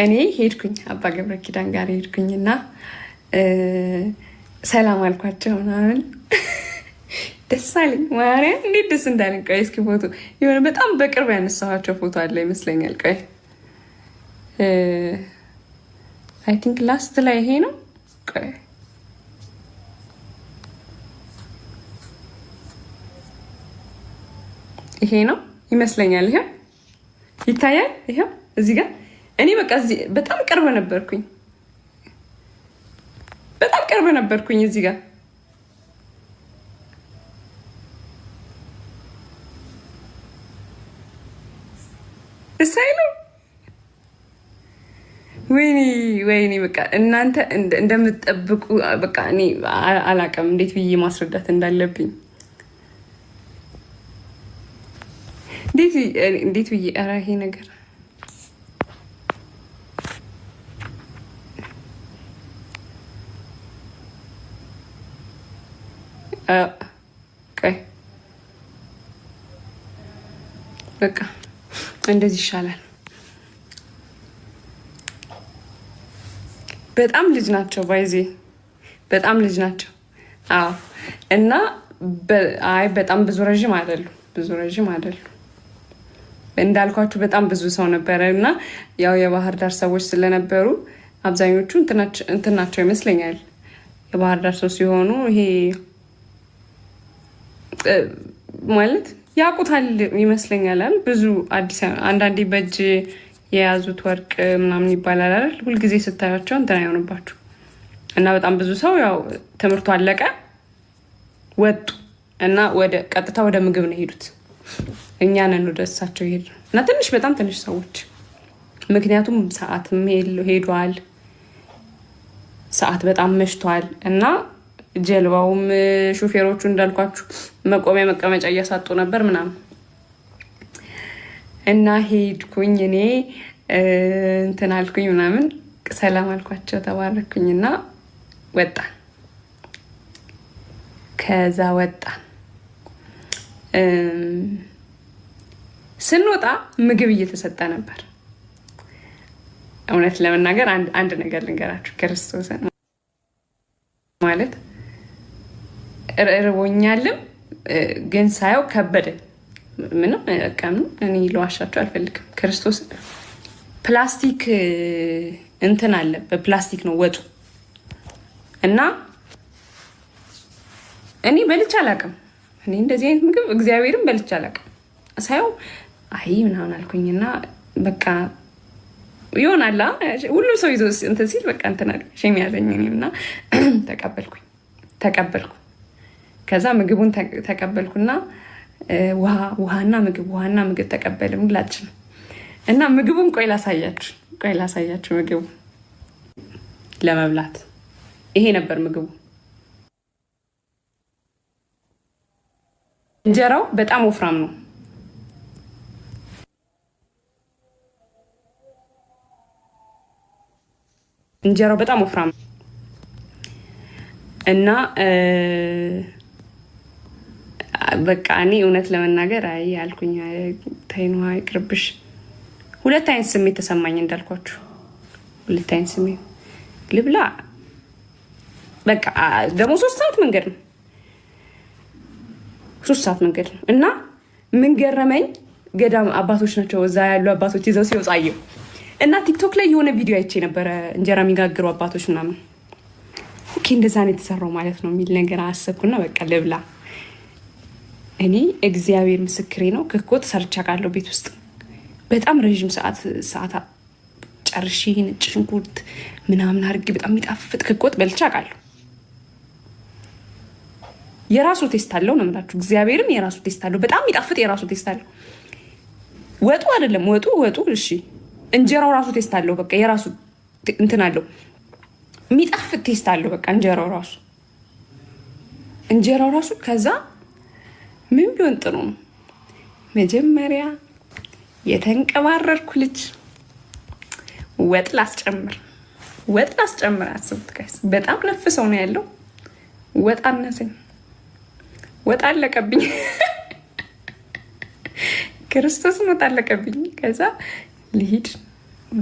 እኔ ሄድኩኝ አባ ገብረ ኪዳን ጋር ሄድኩኝ እና ሰላም አልኳቸው ምናምን ደስ አለኝ። ማርያም እንዴት ደስ እንዳለኝ። ቆይ እስኪ ፎቶ የሆነ በጣም በቅርብ ያነሳኋቸው ፎቶ አለ ይመስለኛል። ቆይ አይ ቲንክ ላስት ላይ ይሄ ነው። ቆይ ይሄ ነው ይመስለኛል። ይሄው ይታያል። ይሄው እዚህ ጋር እኔ በቃ በጣም ቅርብ ነበርኩኝ፣ በጣም ቅርብ ነበርኩኝ እዚህ ጋር እሳይ ነው። ወይኔ ወይኔ በቃ እናንተ እንደምትጠብቁ በቃ እኔ አላቅም እንዴት ብዬ ማስረዳት እንዳለብኝ እንዴት ብዬ ኧረ ይሄ ነገር በቃ እንደዚህ ይሻላል። በጣም ልጅ ናቸው ባይዜ በጣም ልጅ ናቸው። አዎ እና አይ በጣም ብዙ ረዥም አይደሉ ብዙ ረዥም አይደሉ። እንዳልኳችሁ በጣም ብዙ ሰው ነበረ እና ያው የባህር ዳር ሰዎች ስለነበሩ አብዛኞቹ እንትን ናቸው ይመስለኛል። የባህር ዳር ሰው ሲሆኑ ይሄ ማለት ያውቁታል ይመስለኛል። ብዙ አዲስ አንዳንዴ በእጅ የያዙት ወርቅ ምናምን ይባላል አይደል? ሁልጊዜ ስታያቸው እንትን አይሆንባችሁ እና በጣም ብዙ ሰው ያው ትምህርቱ አለቀ ወጡ እና ወደ ቀጥታ ወደ ምግብ ነው የሄዱት። እኛ ነን ወደ እሳቸው ይሄድ እና ትንሽ በጣም ትንሽ ሰዎች ምክንያቱም ሰዓትም ሄዷል፣ ሰዓት በጣም መሽቷል እና ጀልባውም ሹፌሮቹ እንዳልኳችሁ መቆሚያ መቀመጫ እያሳጡ ነበር ምናምን እና ሄድኩኝ እኔ እንትን አልኩኝ ምናምን ሰላም አልኳቸው ተባረኩኝ እና ወጣን። ከዛ ወጣን። ስንወጣ ምግብ እየተሰጠ ነበር። እውነት ለመናገር አንድ ነገር ልንገራችሁ ክርስቶስን ማለት እርቦኛልም ግን ሳየው ከበደ ምንም ቀኑ እኔ ለዋሻቸው አልፈልግም። ክርስቶስ ፕላስቲክ እንትን አለ፣ በፕላስቲክ ነው ወጡ እና እኔ በልቼ አላውቅም። እኔ እንደዚህ አይነት ምግብ እግዚአብሔርም በልቼ አላውቅም። ሳየው አይ ምናምን አልኩኝና በቃ ይሆናላ ሁሉም ሰው ይዞ እንትን ሲል በቃ እንትን አለ ሸሚያዘኝ እና ተቀበልኩኝ ተቀበልኩ ከዛ ምግቡን ተቀበልኩና ውሃ ውሃና ምግብ ውሃና ምግብ ተቀበልም ሁላችን እና ምግቡን ቆይ ላሳያችሁ ቆይ ላሳያችሁ ምግቡ ለመብላት ይሄ ነበር ምግቡ እንጀራው በጣም ወፍራም ነው እንጀራው በጣም ወፍራም እና በቃ እኔ እውነት ለመናገር አይ አልኩኝ፣ ታይነ ይቅርብሽ። ሁለት አይነት ስሜት ተሰማኝ እንዳልኳችሁ፣ ሁለት አይነት ስሜት ልብላ። በቃ ደግሞ ሶስት ሰዓት መንገድ ነው፣ ሶስት ሰዓት መንገድ ነው እና ምን ገረመኝ፣ ገዳም አባቶች ናቸው እዛ ያሉ አባቶች ይዘው ሲወጣ አየሁ እና ቲክቶክ ላይ የሆነ ቪዲዮ አይቼ ነበረ፣ እንጀራ የሚጋግሩ አባቶች ምናምን። ኦኬ እንደዛ ነው የተሰራው ማለት ነው የሚል ነገር አሰብኩና በቃ ልብላ እኔ እግዚአብሔር ምስክሬ ነው። ክኮት ሰርቻ ካለው ቤት ውስጥ በጣም ረዥም ሰዓት ሰዓት ጨርሺ ነጭ ሽንኩርት ምናምን አድርጌ በጣም የሚጣፍጥ ክኮት በልቻ ቃለሁ። የራሱ ቴስት አለው ነው የምላችሁ። እግዚአብሔርም የራሱ ቴስት አለው። በጣም የሚጣፍጥ የራሱ ቴስት አለው። ወጡ አይደለም ወጡ ወጡ እሺ፣ እንጀራው ራሱ ቴስት አለው። በቃ የራሱ እንትን አለው የሚጣፍጥ ቴስት አለው። በቃ እንጀራው ራሱ እንጀራው ራሱ ከዛ ምን ቢሆን ጥሩ ነው? መጀመሪያ የተንቀባረርኩ ልጅ ወጥ ላስጨምር ወጥ ላስጨምር። አስቡት ጋይስ፣ በጣም ነፍሰው ነው ያለው። ወጥ አነሰኝ፣ ወጥ አለቀብኝ። ክርስቶስን ወጥ አለቀብኝ። ከዛ ልሂድ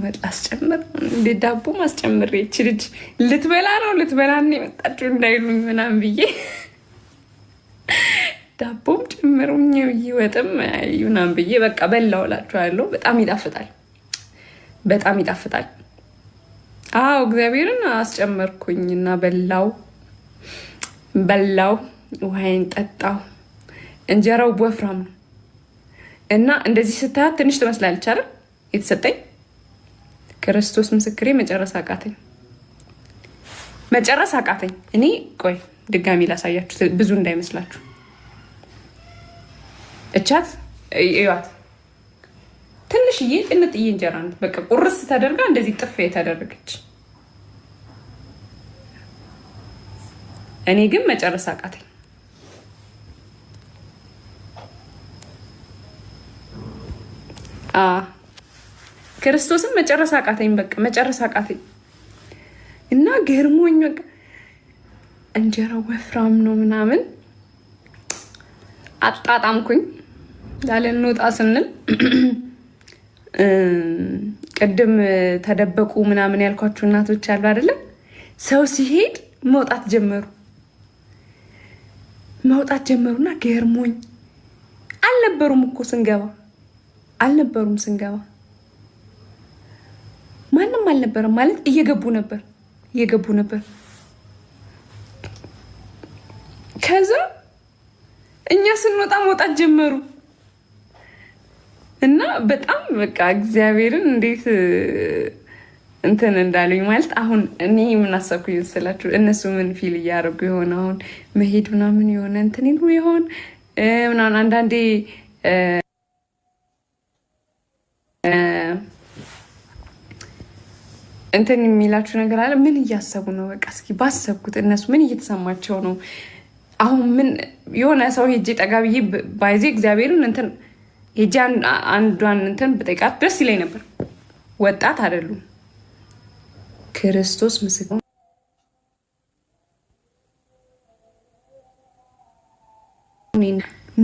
ወጥ ላስጨምር፣ እንደ ዳቦ ማስጨምር። ይች ልጅ ልትበላ ነው ልትበላ ነው የመጣችው እንዳይሉኝ ምናምን ብዬ አይጨምሩም ይወጥም ይሁናም ብዬ በቃ በላው እላችኋለሁ። በጣም ይጣፍጣል፣ በጣም ይጣፍጣል። አዎ እግዚአብሔርን አስጨመርኩኝ እና በላው በላው፣ ውሃይን ጠጣው። እንጀራው ወፍራም ነው እና እንደዚህ ስታያት ትንሽ ትመስላለች አይደል? የተሰጠኝ ክርስቶስ ምስክሬ መጨረስ አቃተኝ፣ መጨረስ አቃተኝ። እኔ ቆይ ድጋሚ ላሳያችሁ ብዙ እንዳይመስላችሁ እቻት እዩዋት ትንሽዬ ቅንጥዬ እንጀራ ናት። በቃ ቁርስ ተደርጋ እንደዚህ ጥፍ የተደረገች። እኔ ግን መጨረስ አቃተኝ። ክርስቶስን መጨረስ አቃተኝ። በቃ መጨረስ አቃተኝ እና ገርሞኝ በቃ እንጀራው ወፍራም ነው ምናምን አጣጣምኩኝ። ላለንወጣ ስንል ቅድም ተደበቁ ምናምን ያልኳቸው እናቶች አሉ አይደለም። ሰው ሲሄድ መውጣት ጀመሩ መውጣት ጀመሩና ገርሞኝ አልነበሩም እኮ ስንገባ አልነበሩም ስንገባ ማንም አልነበረም ማለት እየገቡ ነበር እየገቡ ነበር። ከዛ እኛ ስንወጣ መውጣት ጀመሩ። እና በጣም በቃ እግዚአብሔርን እንዴት እንትን እንዳሉኝ ማለት አሁን እኔ የምናሰብኩ ይመስላችሁ እነሱ ምን ፊል እያደረጉ የሆነ አሁን መሄድ ምናምን የሆነ እንትን ይሉ ይሆን ምናምን አንዳንዴ እንትን የሚላችሁ ነገር አለ። ምን እያሰቡ ነው? በቃ እስኪ ባሰብኩት እነሱ ምን እየተሰማቸው ነው? አሁን ምን የሆነ ሰው ሄጄ ጠጋ ብዬ ባይዜ እግዚአብሔርን እንትን ሄጄ አንዷን እንትን ብጠይቃት ደስ ይለኝ ነበር። ወጣት አይደሉም። ክርስቶስ ምስክር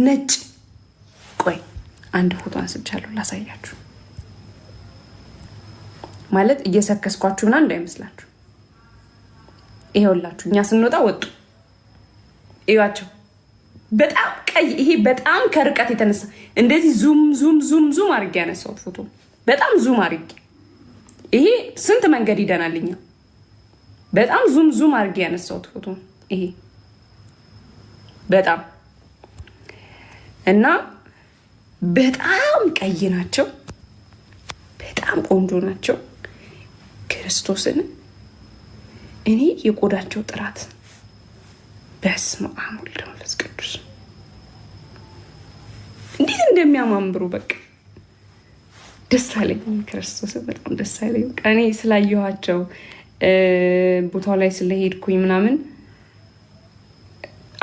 ነጭ። ቆይ አንድ ፎቶ አንስቻለሁ ላሳያችሁ። ማለት እየሰከስኳችሁ ምናምን እንዳይመስላችሁ። ይሄውላችሁ እኛ ስንወጣ ወጡ እዩዋቸው በጣም ቀይ ይሄ በጣም ከርቀት የተነሳ እንደዚህ ዙም ዙም ዙም ዙም አድርጌ ያነሳሁት ፎቶ በጣም ዙም አድርጌ ይሄ ስንት መንገድ ይደናልኛ። በጣም ዙም ዙም አድርጌ ያነሳሁት ፎቶ ይሄ በጣም እና በጣም ቀይ ናቸው። በጣም ቆንጆ ናቸው። ክርስቶስን እኔ የቆዳቸው ጥራት በስመ አብ ወወልድ ቅዱስ እንዴት እንደሚያማምሩ በቃ ደስ አለኝ። ክርስቶስ በጣም ደስ አለኝ። እኔ ስላየኋቸው ቦታው ላይ ስለሄድኩኝ ምናምን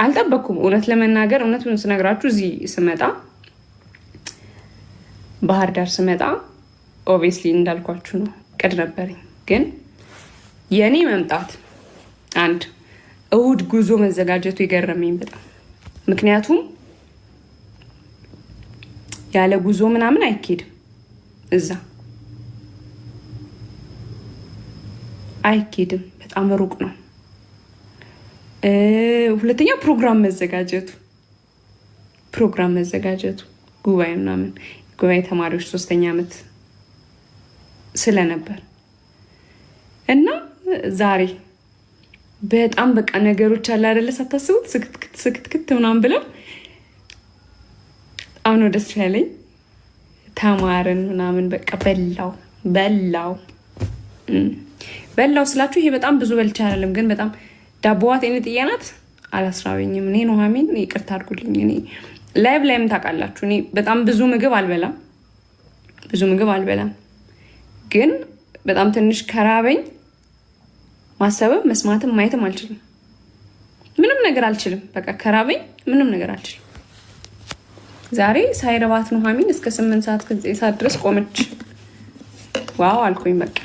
አልጠበኩም። እውነት ለመናገር እውነቱን ስነግራችሁ እዚህ ስመጣ ባህር ዳር ስመጣ ኦብቪየስሊ እንዳልኳችሁ ነው ቅድ ነበረኝ። ግን የእኔ መምጣት አንድ እሑድ ጉዞ መዘጋጀቱ የገረመኝ በጣም ምክንያቱም ያለ ጉዞ ምናምን አይኬድም። እዛ አይኬድም፣ በጣም ሩቅ ነው። ሁለተኛ ፕሮግራም መዘጋጀቱ ፕሮግራም መዘጋጀቱ ጉባኤ ምናምን ጉባኤ ተማሪዎች ሶስተኛ ዓመት ስለነበር እና ዛሬ በጣም በቃ ነገሮች አለ አይደለ ሳታስቡት ስክትክት ስክትክት ምናምን ብለው በጣም ነው ደስ ያለኝ። ተማርን ምናምን በቃ በላው በላው በላው ስላችሁ ይሄ በጣም ብዙ በልች አላለም፣ ግን በጣም ዳቦዋት ጤን ጥያናት አላስራበኝም። እኔ ኑሐሚን ይቅርታ አድርጉልኝ። እኔ ላይብ ላይም ታውቃላችሁ፣ እኔ በጣም ብዙ ምግብ አልበላም፣ ብዙ ምግብ አልበላም። ግን በጣም ትንሽ ከራበኝ ማሰብም መስማትም ማየትም አልችልም። ምንም ነገር አልችልም። በቃ ከራበኝ ምንም ነገር አልችልም። ዛሬ ሳይረባት ኑሐሚን እስከ ስምንት ሰዓት ጊዜ ድረስ ቆመች። ዋው አልኩኝ በቃ